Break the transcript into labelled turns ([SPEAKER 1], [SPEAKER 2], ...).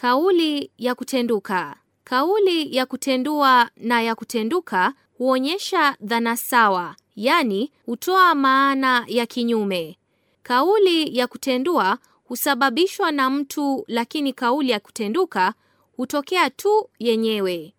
[SPEAKER 1] Kauli ya kutenduka. Kauli ya kutendua na ya kutenduka huonyesha dhana sawa, yaani hutoa maana ya kinyume. Kauli ya kutendua husababishwa na mtu, lakini kauli ya kutenduka hutokea tu yenyewe.